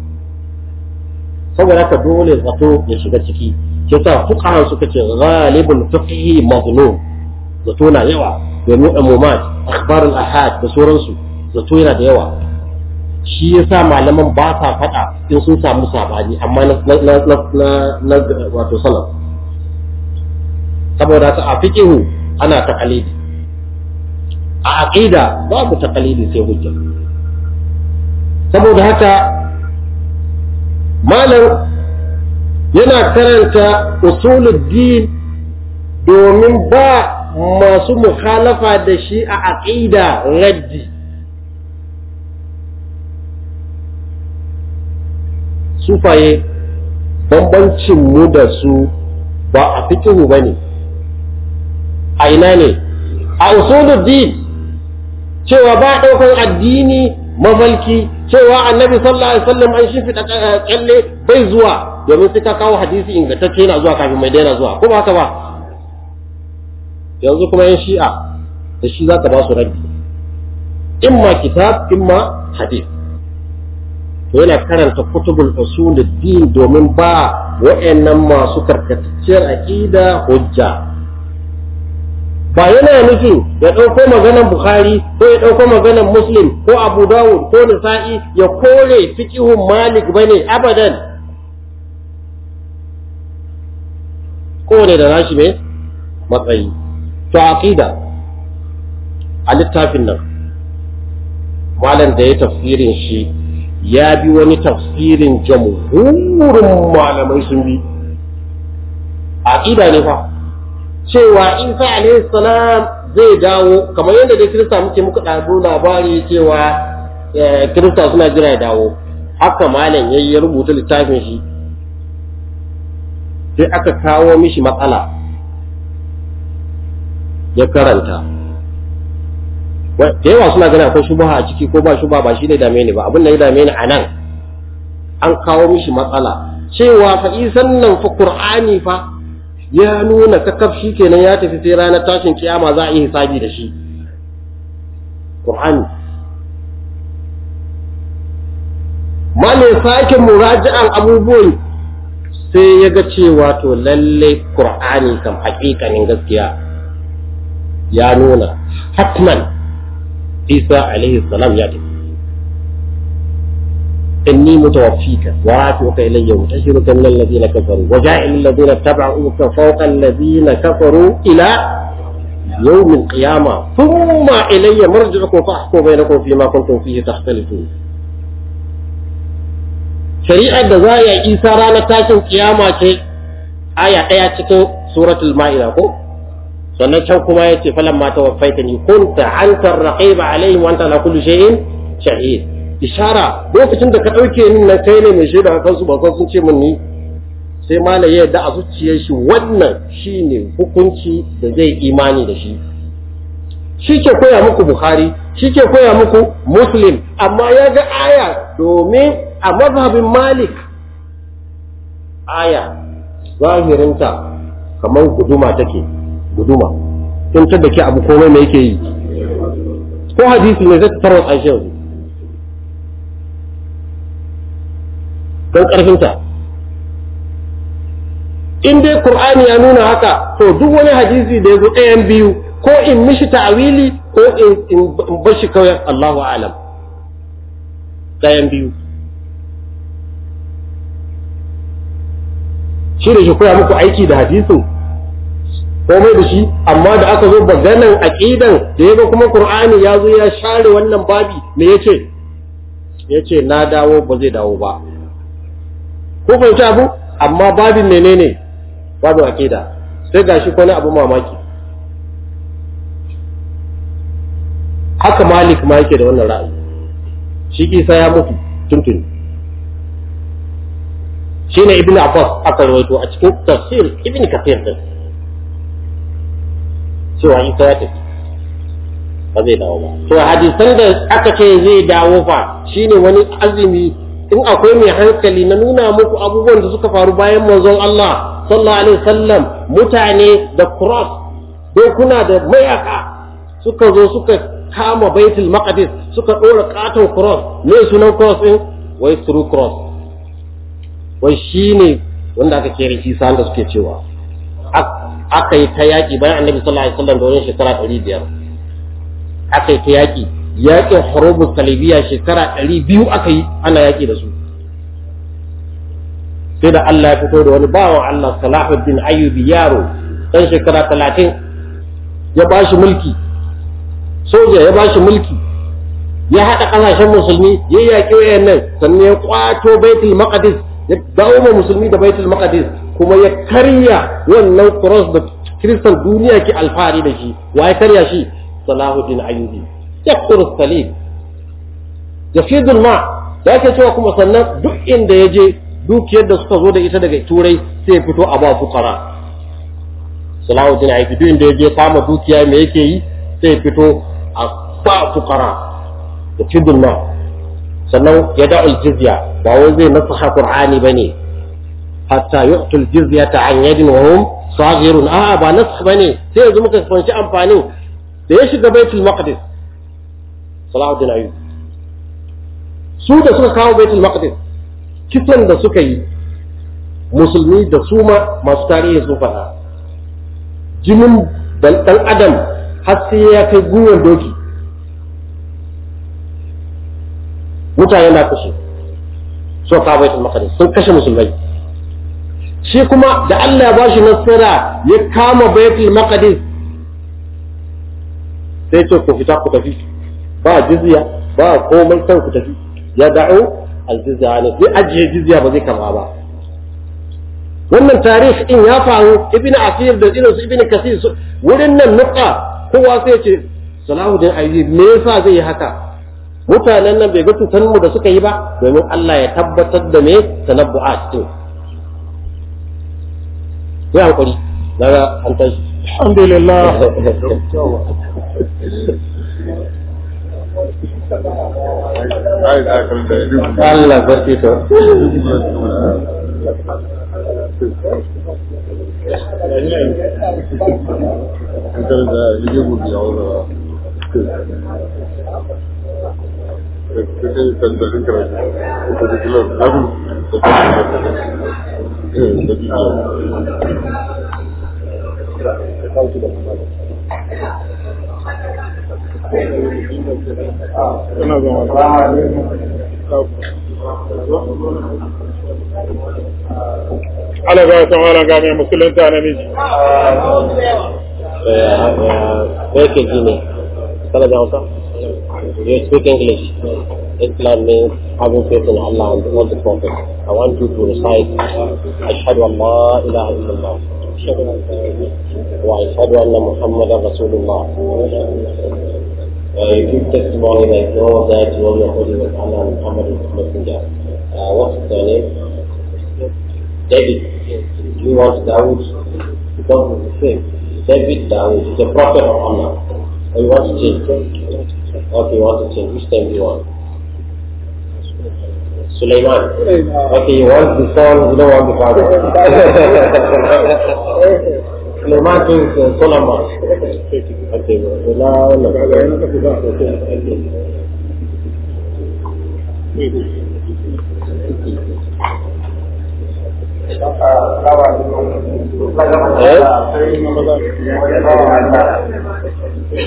saboda haka dole zato ya shiga ciki shi yasa fuqaha suka ce ghalibul fiqhi mazlum zato na yawa domin umumat akhbar ahad da sauransu zato yana da yawa shi yasa malaman ba sa fada in sun samu sabani amma na na na na wato salaf saboda ta a fiqihu ana taqalidi a aqida babu taqalidi sai hujja saboda haka malam yana karanta din domin ba masu mukhalafa da shi a aqida raddi sufaye bambancin mu da su ba a fikihu bane a ina ne a din, cewa ba ɗaukar addini mafalki cewa annabi sallallahu alaihi wasallam an shi fita kyalle bai zuwa domin sai ka kawo hadisi ingantacce yana zuwa kafin mai daina zuwa ko ba haka ba yanzu kuma yan shi'a da shi za ka ba su In ma kitab in ma hadith to yana karanta kutubul usul din domin ba wa'annan masu karkatacciyar aqida hujja ba yana nufin ya ɗauko maganar Bukhari ko ya ɗauko maganar Muslim ko Abu Dawud ko Nisa'i ya kore fiqihun Malik bane abadan kowane da nashi mai matsayi to aqida a littafin nan malam da ya tafsirin shi ya bi wani tafsirin jamhurin malamai sun bi aqida ne fa cewa in sa alaihi salam zai dawo kamar yadda dai kirista muke muka ɗago labari cewa eh, kirista suna jira ya dawo haka malam ya rubuta littafin shi sai aka kawo mishi matsala ya karanta da yawa suna ganin akwai shubaha a ciki ko ba shubaha ba shi ne dame ni ba abin da ya dame ni a nan an kawo mishi matsala cewa fa isan nan fa qur'ani fa ya nuna kakaf shi kenan ya tafi sai ranar tashin kiyama za a yi hisabi da shi qur'ani malai sake muraji'an abubuwan sai ya ga cewa to lalle qur'ani kam hakikanin gaskiya ya nuna hatman isa alaihi salam ya tafi إني متوفيك ورافعك إلي وتشرك من الذين كفروا وجاعل الذين اتبعوك فوق الذين كفروا إلى يوم القيامة ثم إلي مرجعكم فأحكم بينكم فيما كنتم فيه تختلفون shari'ar da za a yi isa ranar tashin kiyama ce aya ɗaya cikin suratul ma'ida ko sannan can kuma ya ce falan mata wafaita ni kunta antar raqiba alaihim wa anta ala shay'in shahid ishara lokacin da ka ɗauke ni nan kai ne mai shaida kan kansu ba kan sun ce min ni sai malai ya yarda a zuciyar shi wannan shine hukunci da zai imani da shi shi ke koya muku Buhari, shi ke koya muku muslim amma ya ga aya domin a mazhabin malik aya zahirinta kamar guduma take guduma in da ke abu komai mai yake yi ko hadisi ne zai tarwa tsashi yanzu don ƙarfinta in dai qur'ani ya nuna haka to duk wani hadisi da ya zo ɗayan biyu ko in mishi ta'awili ko in bashi kawai Allahu alam ɗayan biyu shi da shi koya muku aiki da ko komai da shi amma da aka zo maganan aqidan da yaga kuma qur'ani ya zo ya share wannan babi me yace yace na dawo ba zai dawo ba ko fahimci abu amma babin menene babu aqida sai gashi ko abu mamaki haka malik ma yake da wannan ra'ayi shi kisa ya mutu tuntuni shine ibnu abbas aka rawaito a cikin tafsir ibnu kathir din cewa isa ta tafi ba zai dawo ba to hadisan da aka ce zai dawo fa shine wani azumi in akwai mai hankali na nuna muku abubuwan da suka faru bayan manzon Allah sallallahu alaihi wasallam mutane da cross dokuna da mayaka suka zo suka kama baitul maqdis suka dora katon cross ne sunan cross din wai through cross wai shi ne wanda aka kere isa da suke cewa aka yi ta yaƙi bayan annabi sallallahu alaihi wasallam da wani shekara ɗari biyar aka yi ta yaƙi yaƙin horobus talibiya shekara ɗari biyu aka yi ana yaƙi da su sai da Allah ya fito da wani bawan Allah Salahuddin Ayyubi yaro ɗan shekara talatin ya ba shi mulki soja ya ba shi mulki ya haɗa ƙasashen musulmi ya yaƙi wayannan sannan ya ƙwato baitul maqdis ya dawo ma musulmi da baitul maqdis kuma ya karya wannan cross da kristan duniya ke alfahari da shi wa ya karya shi salahuddin ayyubi salim ya fidul ma da ke cewa kuma sannan duk inda ya je dukiyar da suka zo da ita daga turai sai ya fito a ba fukara salahuddin ayyubi duk inda ya je kama dukiya me yake yi sai ya fito a ba fukara fidul ma sannan ya da'ul jizya ba wai zai nasaha qur'ani bane hatta yu'tul jizyata an yadin wa hum saghirun a ba nasakh bane sai yanzu muka fanci amfanin da ya shiga baitul maqdis salahuddin ayyub su da suka kawo baitul maqdis kisan da suka yi musulmi da su ma masu tarihi sun faɗa jinin dan adam har sai ya kai gwiwar doki mutane na kashe so ka baitul maqdis sun kashe musulmai shi kuma da Allah ya bashi nasara ya kama baitul maqdis sai to ku fita ku tafi ba jizya ba komai kan ku tafi ya da'u al-jizya ne sai ajiye jizya ba zai kama ba wannan tarih din ya faru ibnu asir da irin Ibn ibnu kasir wurin nan nuka kowa sai ce salahuddin ayyub me yasa zai yi haka mutanen nan bai ga cutar mu da suka yi ba domin Allah ya tabbatar da me tanabbu'at din ya hankali daga an tashi alhamdulillah Allah barki to Thank you. ana ba san wani game musulunta na miji ne You speak English. Islam means having faith in Allah and all the prophets. I want you to recite أشهد أن لا إله إلا الله وأشهد أن محمدا رسول الله. A good testimony that you know that you are holy with Allah and Muhammad is messenger. Uh, what's the name? David. You want Dawood because of the same. David Dawood is the prophet of Allah. I want to change. Okay, you want to change? Which time do you want? Sulaiman. Okay, you want the son, you don't want the father. Sulaiman means uh, Solomon. Okay,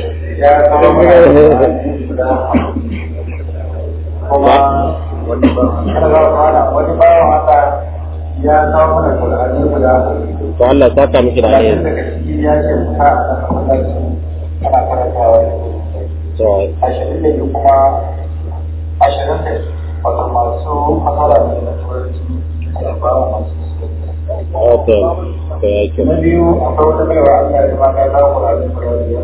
Eh? ya kawo to Allah ta ka miki da alheri ya ce ka to ashirin da kuma ashirin da wato masu fasara ne na turanci ba masu Okay, okay, okay. Na biyu akwai wata kaiwa Allah ya ba ka kawo kurani guda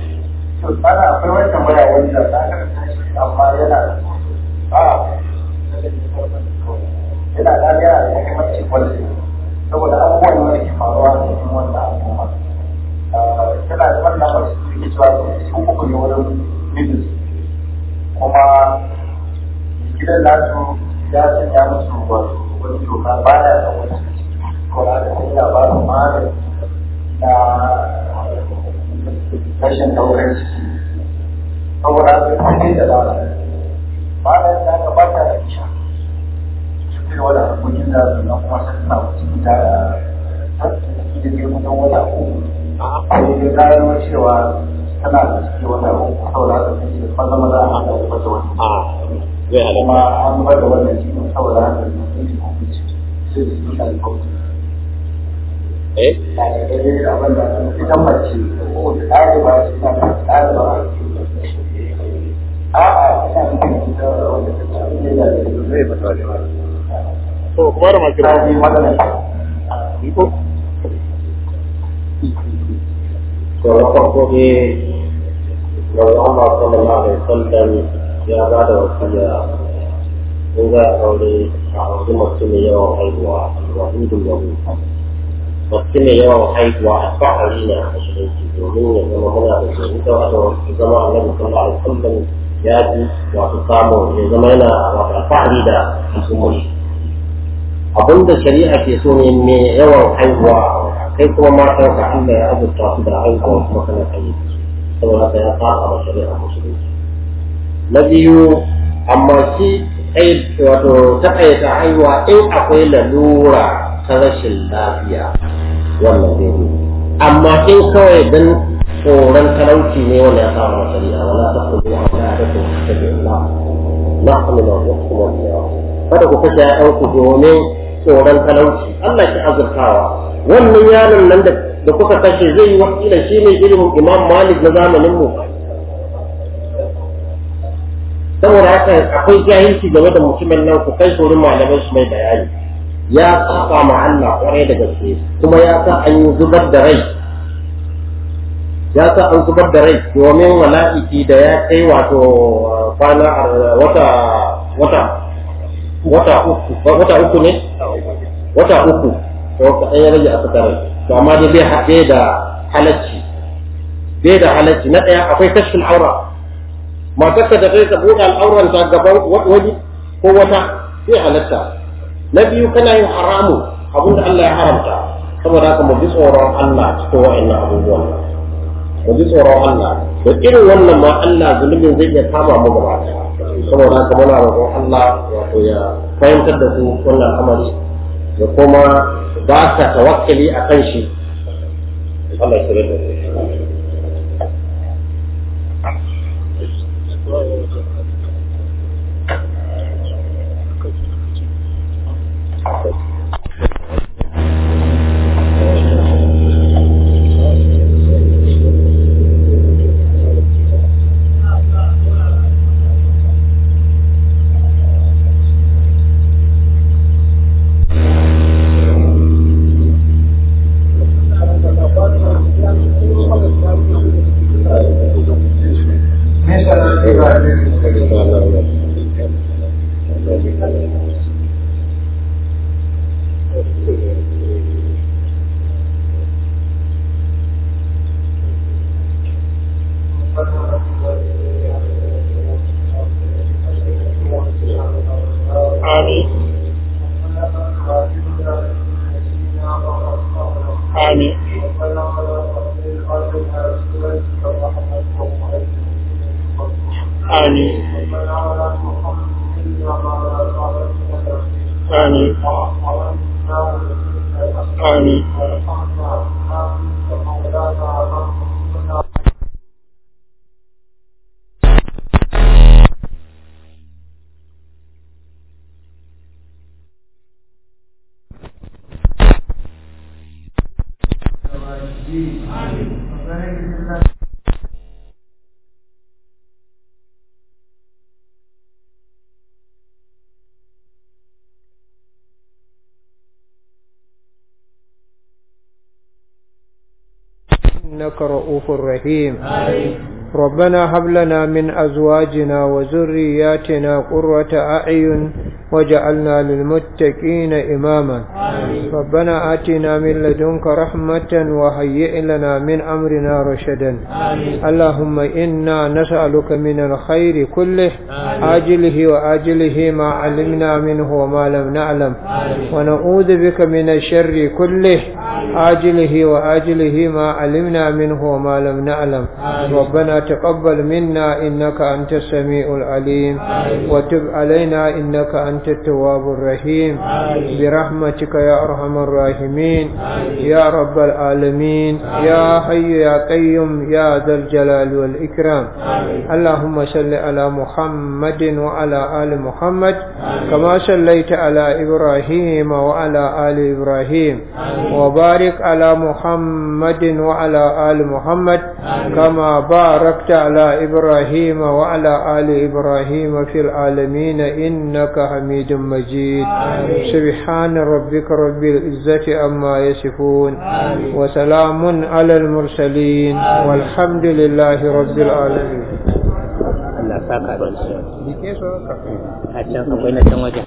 ana akwai wata mara wanda ta karanta amma yana a yana da yana da mahimmanci kwallaye saboda abubuwan da ke faruwa a cikin wannan al'umma eh, yana da wannan masu suke cewa su uku ne wurin business kuma gidan nasu ya sanya musu wani doka ba ya san wani kuma da sanya ba su magani na rashin daukar ciki saboda su cikin da zara ba da yadda aka ba ta da isha cikin wani abokin da su na kuma sun na wasu da da ke mutum wata uku sai dai gano cewa tana da ciki wata uku saboda su cikin da maza maza a hada wata wata kuma an bar da wannan cikin saboda haka ne sai su cikin da Eh? ya ba da wasu ya ko za a aure a wasu masu mai yawan haihuwa wasu mai yawan haihuwa a fa'ari na musulunci domin ya zama muna da zuwa wato ya zama annabi sallallahu alaihi wasallam ya ji wato samu ya zama yana wato alfahari da musulunci abinda shari'a ke so ne mai yawan haihuwa kai kuma matan ka Allah ya azurta su da haihuwa kuma kana kai saboda ya fara da shari'a musulunci na biyu amma shi wato taƙaita haihuwa in akwai lalura ta rashin lafiya wannan zai ne amma in kawai dan tsoron talauci ne wanda ya samu masari'a wala ta kuma a wani ta kuma ta bi Allah na kuma na wasu kuma biyawa kada ku kashe ya ɗauku domin tsoron talauci Allah ki azurtawa wannan yaron nan da kuka kashe zai yi wakila shi ne ilimin imam malik na zamanin mu saboda haka akwai jahilci game da mutumin nan ku kai saurin malamai su mai bayani ya saba ma Allah kwarai da gaske kuma ya sa an yi zubar da rai ya sa an zubar da rai domin mala'iki da ya kai wato uh, kwana uh, wata wata wata uku wata uku ne wata uku to kaɗan ya rage a rai to amma dai bai haɗe da halacci bai da halacci na ɗaya akwai kashin aura matarka da kai ka buɗe al'auranta ta gaban wani ko wata sai halatta na biyu kana yin haramu abun da Allah ya haramta saboda haka mu ji tsoron Allah cikin wa'annan abubuwan mu ji tsoron Allah da irin wannan ma Allah zunubin zai iya kama mu gaba saboda haka muna roƙon Allah wato ya fahimtar da su wannan amari da kuma ba ka tawakkali akan shi Allah ya tsare da and um, إنك رؤوف رحيم ربنا هب لنا من أزواجنا وذرياتنا قرة أعين وجعلنا للمتقين إماما ربنا آتنا من لدنك رحمة وهيئ لنا من أمرنا رشدا اللهم إنا نسألك من الخير كله آجله وآجله ما علمنا منه وما لم نعلم ونعوذ بك من الشر كله عاجله وآجله ما علمنا منه وما لم نعلم آمين. ربنا تقبل منا إنك أنت السميع العليم آمين. وتب علينا إنك أنت التواب الرحيم آمين. برحمتك يا أرحم الراحمين يا رب العالمين يا حي يا قيوم يا ذا الجلال والإكرام اللهم صل على محمد وعلى آل محمد كما صليت على إبراهيم وعلى آل إبراهيم وبارك وبارك على محمد وعلى آل محمد آمين. كما باركت على إبراهيم وعلى آل إبراهيم في العالمين إنك حميد مجيد آمين. سبحان ربك رب العزة أما يصفون وسلام على المرسلين آمين. والحمد لله رب العالمين. Allah saka da shi. Ake so ka. A can akwai na can wajen.